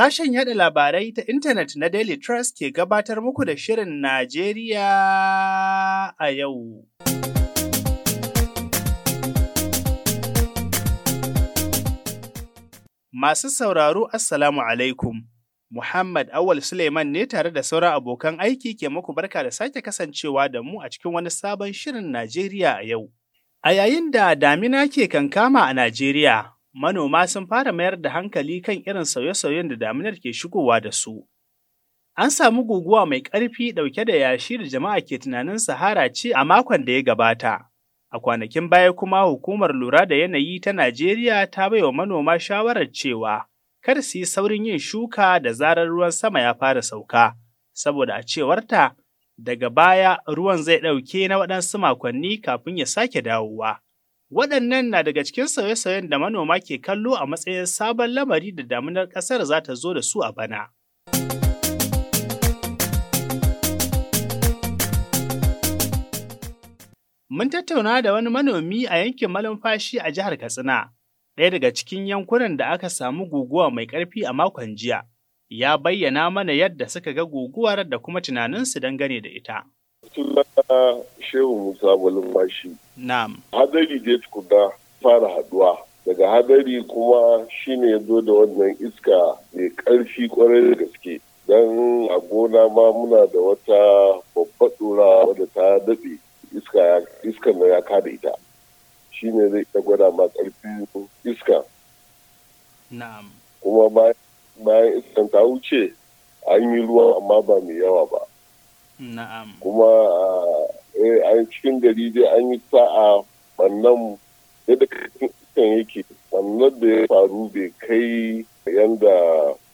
Sashen yada labarai ta intanet na Daily Trust ke gabatar muku da Shirin Najeriya a yau. Masu sauraro Assalamu alaikum. Muhammad Awal Suleiman ne tare da sauran abokan aiki ke muku barka da sake kasancewa da mu a cikin wani sabon Shirin Najeriya a yau. A yayin da damina ke kankama a Najeriya, manoma sun fara mayar da hankali kan irin sauye-sauyen da daminar ke shigowa da su. An samu guguwa mai ƙarfi ɗauke da yashi da jama'a ke tunanin Sahara ce a makon da ya gabata. A kwanakin baya kuma hukumar lura da yanayi ta Najeriya ta bai wa manoma shawarar cewa kar su yi saurin yin shuka da zarar ruwan sama ya fara sauka, saboda a cewarta daga baya ruwan zai ɗauke na waɗansu makonni kafin ya sake dawowa. Waɗannan na daga cikin sauye-sauyen da manoma ke kallo a matsayin sabon lamari da damunar ƙasar za ta zo da su a bana. Mun tattauna da wani manomi a yankin malumfashi a jihar Katsina, ɗaya daga cikin yankunan da aka samu guguwa mai ƙarfi a makon jiya, ya bayyana mana yadda suka ga guguwar da kuma tunaninsu dangane da ita. suna shehu musa balumbashi hadari dai tukuna fara haduwa daga hadari kuma shine ya zo da wannan iska mai karfi kwarai da gaske don a gona ma muna da wata babbar dora wadda ta daɗe iska na ya kada ita shine zai iya gwada ma karfi iska kuma bayan iskan ta wuce an yi ruwa amma ba mai yawa ba kuma eh, eh, a cikin gari dai an yi sa'a wannan yadda yake wannan da ya faru bai kai yanda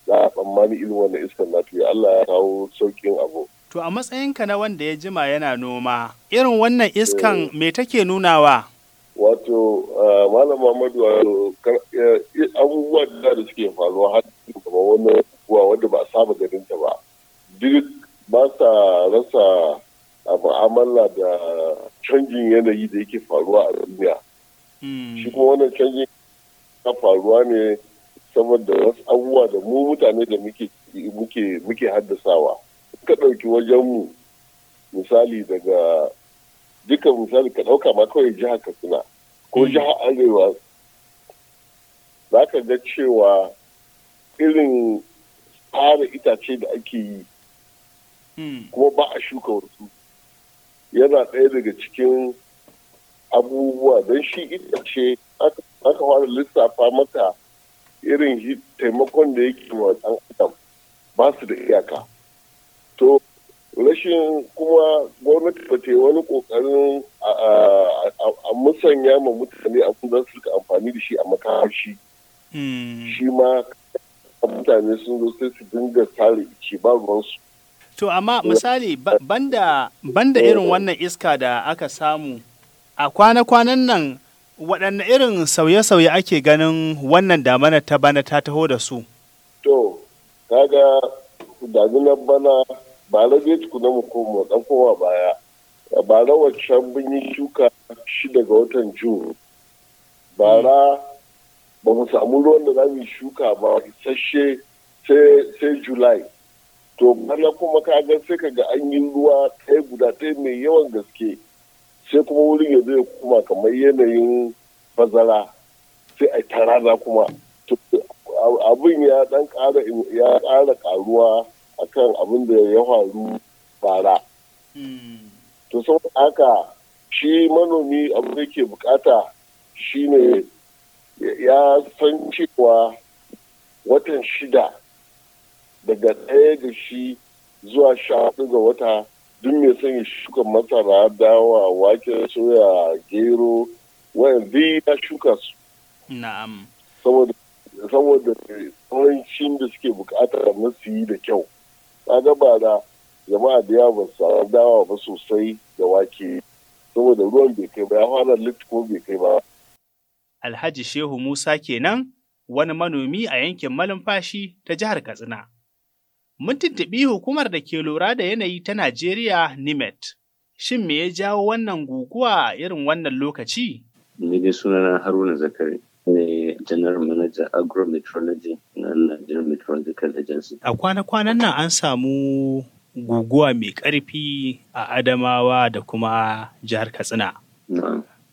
za a tsammani irin wannan iskan lafiya Allah ya kawo sauƙin abu. To a matsayinka na wanda ya jima yana noma, irin wannan iskan eh. me take nunawa? Wato, Malam Muhammadu wato abubuwa da suke faruwa har gaba wani abubuwa wanda ba a saba ganin ta ba. Duk ba sa rasa a mu'amala da canjin yanayi da yake faruwa a duniya hmm. shi kuma wannan canjin ya faruwa ne saboda wasu abubuwa da mu mutane da muke haddasawa ka ɗauki wajenmu misali daga duka misali ka ɗauka ma kawai jihar katsina ko hmm. jihar arewa za ka ga cewa irin tsara itace da ake yi kuma ba a shuka wasu yana ɗaya daga cikin abubuwa don shi ita itace aka fara lissafa mata irin taimakon da yake wa ɗan adam ba su da iyaka to rashin kuma gwamnati ba ta yi wani ƙoƙarin a musanya ma mutane a za su amfani da shi a makawar shi hmm. shi ma mutane sun zo sai su dinga sare ice ba ruwansu To amma misali banda banda irin wannan iska da aka samu a kwana-kwanan nan waɗanne irin sauye-sauye ake ganin wannan damana ta bana ta taho da su? To, kaga daminar bana ba rage tukuna mu koma ɗan kowa baya. Bara waccan bin yi shuka shi daga watan Jun. Bara ba mu samu ruwan da za mu shuka ba isasshe sai Julai. to bana kuma ka ga sai ka ga an yi ruwa ɗaya guda ɗaya mai yawan gaske sai kuma wurin ya zai kuma kamar yanayin bazara sai a za kuma abin ya dan ƙara ya ƙara ƙaruwa akan abin da ya faru bara to saboda haka shi manomi abu da ke bukata shine ya san cewa watan shida daga ɗaya ga shi zuwa sha ga wata duk mai son shuka masara dawa wake soya gero wayan zai ya shuka su na'am saboda tsawon tsawancin da suke bukatar da masu yi da kyau kaga ba da jama'a da yawa ba dawa ba sosai da wake saboda ruwan bai kai ba ya fara ko bai kai ba Alhaji Shehu Musa kenan wani manomi a yankin Malumfashi ta jihar Katsina. Mun tuntuɓi hukumar da ke lura da yanayi ta Najeriya NIMET. Shin me ya jawo wannan guguwa a irin wannan lokaci? Ni dai sunana Haruna Zakari. ne general manager metrology na Nigerian Metrological Agency. A kwana-kwanan nan an samu guguwa mai ƙarfi a Adamawa da kuma jihar Katsina.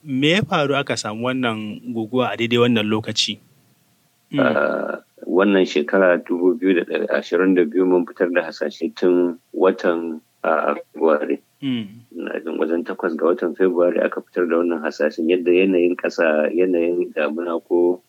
Me ya faru aka samu wannan guguwa a daidai wannan lokaci? Hmm. Ah, wannan shekara 2022 mun fitar da hasashe tun watan Februari. Hmm. Na wajen takwas ga watan Februari aka fitar da wannan hasashen yadda yanayin ƙasa yanayin damuna ko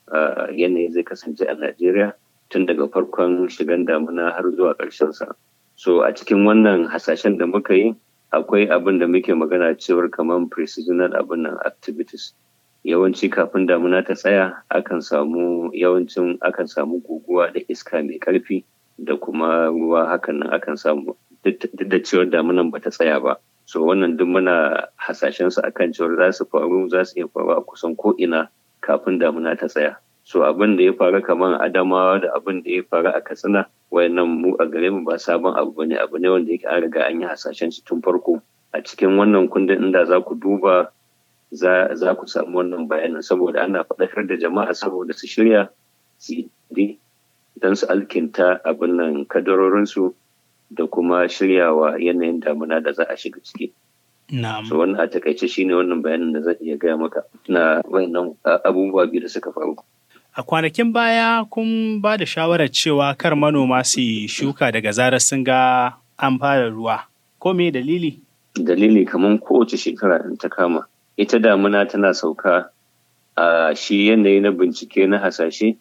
yanayin zai kasance a Najeriya tun daga farkon shigan damuna har zuwa ƙarshen sa. So a cikin wannan hasashen da muka yi akwai abin da muke magana cewar kamar precisional abin nan activities. yawanci kafin damuna ta tsaya akan samu yawancin akan samu guguwa da iska mai karfi da kuma ruwa hakan nan akan samu duk da cewar damunan ba ta tsaya ba so wannan duk muna hasashen su akan cewar za su faru za su iya faru a kusan ko ina kafin damuna ta tsaya so abin da ya faru kamar adamawa da abin da ya faru a katsina wayannan mu a gare mu ba sabon abu bane abu ne wanda yake an riga an yi hasashen shi tun farko a cikin wannan kundin inda za ku duba za ku samu wannan bayanin saboda ana faɗakar da jama'a saboda su shirya su yi don su alkinta abin nan kadarorinsu da kuma shiryawa yanayin damuna da za a shiga ciki. Na'am. So wannan a takaice shine wannan bayanin da zan iya gaya maka na wayannan abubuwa biyu da suka faru. A kwanakin baya kun ba da shawarar cewa kar manoma su shuka daga zarar sun ga an fara ruwa. Ko me dalili? Dalili kamar kowace shekara in ta kama. ita damuna tana sauka a shi yanayi na bincike na hasashe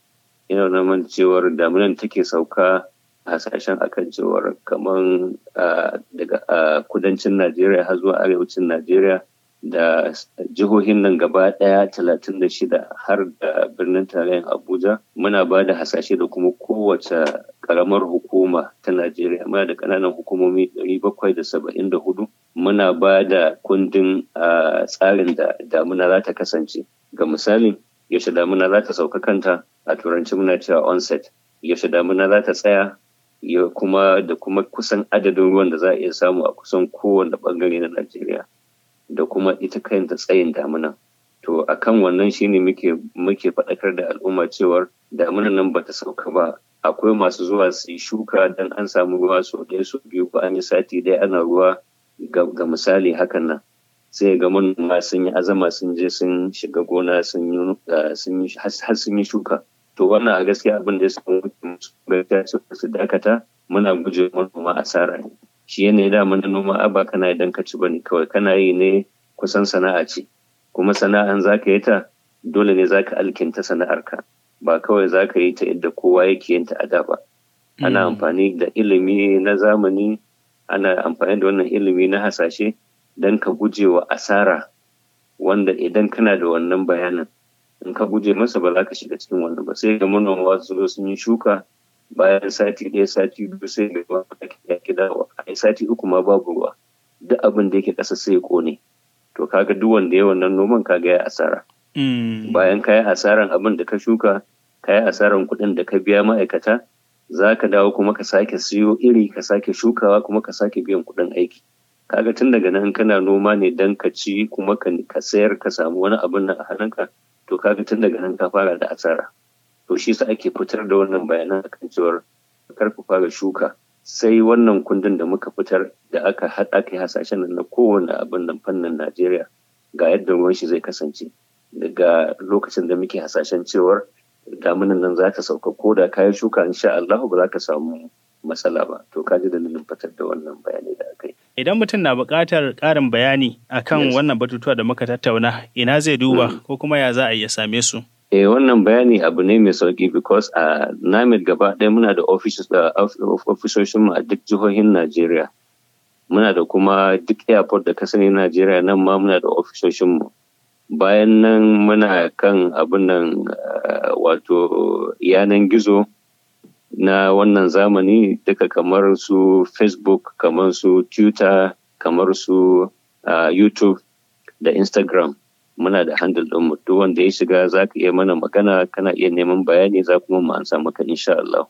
yana nuna cewar damunan take sauka a hasashen akan cewar kamar daga kudancin najeriya har zuwa arewacin najeriya da jihohin nan gaba ɗaya talatin da shida har da birnin tarayyar abuja muna ba da hasashe da kuma kowace karamar hukuma ta najeriya muna da ƙananan hukumomi 774 muna ba da kundin tsarin da damuna za ta kasance ga misali yaushe damuna za ta sauka kanta a turanci muna cewa onset yaushe damuna za ta tsaya kuma da kuma kusan adadin ruwan da za a iya samu a kusan kowane bangare na najeriya da kuma ita kanta tsayin damuna. To a kan wannan shine muke muke faɗakar da al'umma cewar damunan nan ba ta sauka ba akwai masu zuwa su yi shuka don an samu ruwa so ɗaya su biyu ko an yi sati ɗaya ana ruwa ga misali hakan nan sai ga manoma sun yi azama sun je sun shiga gona sun yi har sun yi shuka to wannan a gaskiya abin da ya samu mutum su dakata muna guje manoma asara ne shi yanayi dama na noma a ba kana idan ka ci bane kawai kana yi ne kusan sana'a ce kuma sana'an za ka yi ta dole ne za ka alkinta sana'arka ba kawai za ka yi ta yadda kowa yake yin ta a da ba ana hmm. amfani da ilimi na zamani ana amfani da wannan ilimi na hasashe don ka guje wa asara wanda idan kana da wannan bayanan in ka guje masa ba za ka shiga cikin wannan ba sai ga manoma su sun yi shuka bayan sati ɗaya sati biyu sai mai ruwan ake ki dawo a sati uku ma babu ruwa duk abin da yake ƙasa sai ya ƙone to kaga duk wanda ya wannan noman kaga ya asara mm. bayan ka yi asaran abin da ka shuka ka yi asaran kuɗin da ka biya ma'aikata za ka dawo kuma ka sake siyo iri ka sake shukawa kuma ka sake biyan kuɗin aiki kaga tun daga nan kana noma ne dan ka ci kuma ka sayar ka samu wani abin nan a hannunka to kaga tun daga nan ka fara da asara to shi sa ake fitar da wannan bayanan akan cewar karfafa ga fara shuka sai wannan kundin da muka fitar da aka haɗa kai hasashen nan na kowane abin nan fannin Najeriya ga yadda ruwan shi zai kasance daga lokacin da muke hasashen cewar damunan nan za ta sauka ko da kayan shuka insha Allah ba za ka samu matsala ba to ka ji dalilin fitar da wannan bayani da aka yi. Idan mutum na buƙatar ƙarin bayani akan wannan batutuwa da muka tattauna ina zai duba mm. ko kuma ya za a iya same su. Eh wannan bayani abu ne mai sauki because a NAMID gaba ɗaya muna da mu a duk jihohin Najeriya. Muna da kuma duk airport da ka sani Najeriya nan ma muna da mu. Bayan nan muna kan abin nan wato yanan gizo na wannan zamani duka kamar su Facebook, kamar su Twitter, kamar su YouTube da Instagram. muna da handle ɗin mu duk wanda ya shiga za ka iya mana magana kana iya neman bayani za kuma mu ansa maka insha Allah.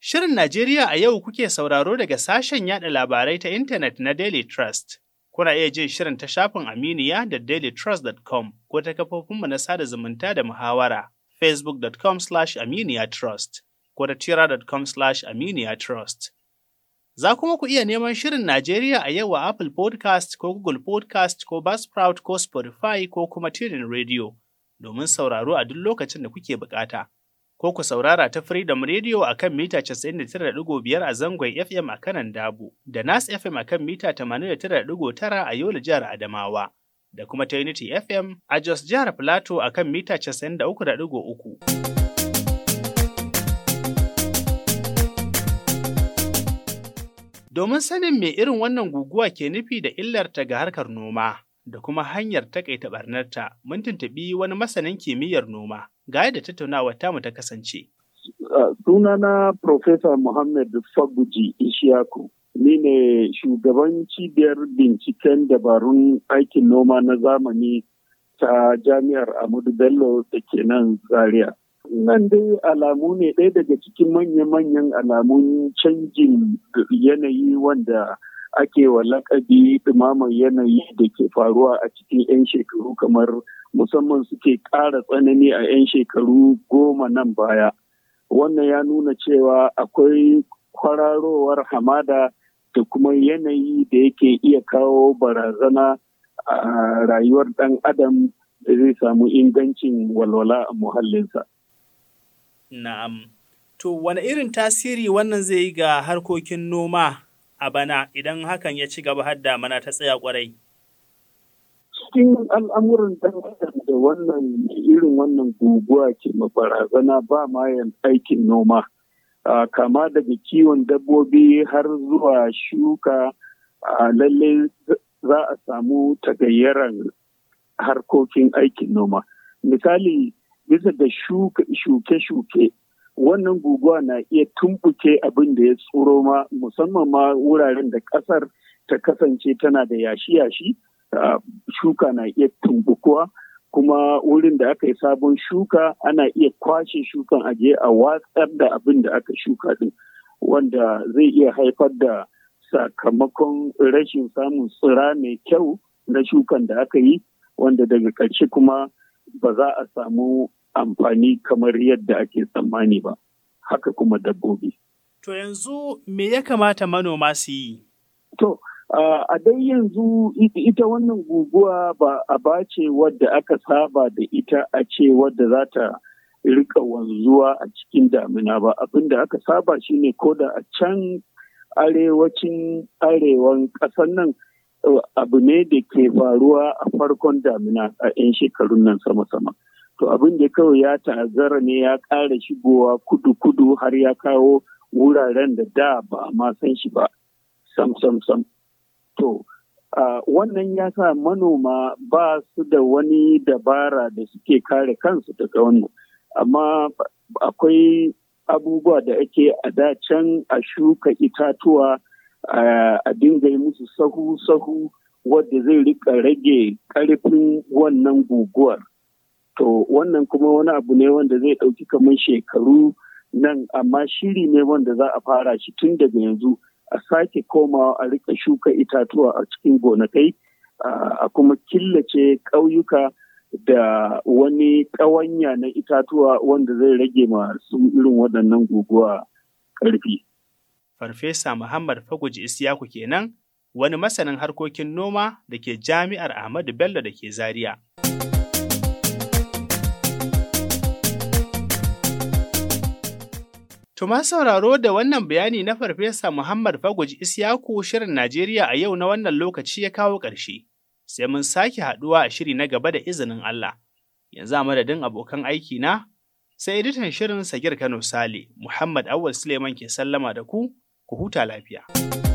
Shirin Najeriya a yau kuke sauraro daga sashen yada labarai ta intanet na Daily Trust. Kuna iya jin shirin ta shafin Aminiya da dailytrust.com ko ta kafofinmu na sada zumunta da muhawara facebook.com/aminiya trust ko ta tira.com/aminiya trust. Za kuma ku iya neman Shirin Najeriya a yau a Apple Podcast ko Google Podcast ko Buzzsprout ko Spotify ko kuma TuneIn Radio domin sauraro a duk lokacin da kuke bukata. Ko ku saurara ta Freedom Radio a kan mita 99.5 a zangon FM a kanan dabu da Nas FM a kan mita 89.9 a Yola Jihar Adamawa. Da kuma ta Unity FM a Jos Jihar Plateau a kan mita 93.3. Domin sanin me irin wannan guguwa ke nufi da illarta ga harkar noma da kuma hanyar takaita barnarta, mun tuntuɓi wani masanin kimiyyar noma ga yadda tattaunawa tamu ta kasance. Ah, sunana Profesa Muhammad Faguji Ishiyaku. Ni ne shugaban cibiyar binciken dabarun aikin noma na zamani ta jami'ar Amadu Bello da ke nan Zaria. Nan dai alamu ne ɗaya daga cikin manya-manyan alamun canjin yanayi wanda ake wa lakabi ɗumaman yanayi da ke faruwa a cikin 'yan shekaru kamar musamman suke ƙara tsanani a 'yan shekaru goma nan baya. Wannan ya nuna cewa akwai kwararowar hamada da kuma yanayi da yake iya kawo barazana a rayuwar ɗan adam da zai samu ingancin walwala a muhallinsa. Na'am. To, wani irin tasiri wannan zai yi ga harkokin noma a bana idan hakan ya ci gaba har mana ta tsaya kwarai? Cikin al'amuran da wannan irin wannan guguwa ke mabarazana ba ma aikin noma. Kama daga kiwon dabbobi har zuwa shuka lalle za a samu tagayyaran harkokin aikin noma. Misali bisa da shuke-shuke wannan guguwa na iya tumbuke abin da ya tsoro ma musamman ma wuraren da kasar ta kasance tana da yashi-yashi shuka na iya tumbukuwa kuma wurin da aka yi sabon shuka ana iya kwashe shukan aje a watsar da abin da aka shuka din wanda zai iya haifar da sakamakon rashin samun tsira mai kyau na shukan da aka yi wanda daga ƙarshe kuma ba za a samu amfani kamar yadda ake tsammani ba, haka kuma dabbobi. To yanzu me ya kamata manoma su yi? To, a dai yanzu ita wannan guguwa ba a bace wadda aka saba da ita a ce wadda za ta rika wanzuwa a cikin damina ba abin da aka saba shine ko da a can arewacin arewan ƙasan nan eh, abu ne da ke faruwa a farkon damina a 'yan shekarun nan sama-sama. to abin da kawai ya ta'azzara ne ya ƙara shigowa kudu-kudu har ya kawo wuraren da da ba a ma san shi ba sam sam sam to wannan ya sa manoma ba su da wani dabara da suke kare kansu daga wannan amma akwai abubuwa da ake a da a shuka itatuwa a dinga musu sahu-sahu wadda zai rika rage ƙarfin wannan guguwar to wannan kuma wani abu ne wanda zai ɗauki kamar shekaru nan amma shiri ne wanda za a fara shi tun daga yanzu a sake komawa a rika shuka itatuwa a cikin gonakai a kuma killace ƙauyuka da wani ƙawanya na itatuwa wanda zai rage masu irin waɗannan guguwa ƙarfi. Farfesa Muhammad Faguji Isiyaku kenan wani masanin harkokin noma da ke jami'ar Ahmadu Bello da ke Zaria. Tuma sauraro da wannan bayani na Farfesa Muhammad Fagoji Isyaku Shirin Najeriya a yau na wannan lokaci ya kawo ƙarshe, sai mun sake haɗuwa a shiri na gaba da izinin Allah. Yanzu a madadin abokan aiki na, sai editan shirin Sagir Kano Sale, Muhammad Awal Suleiman ke sallama da ku, ku huta lafiya.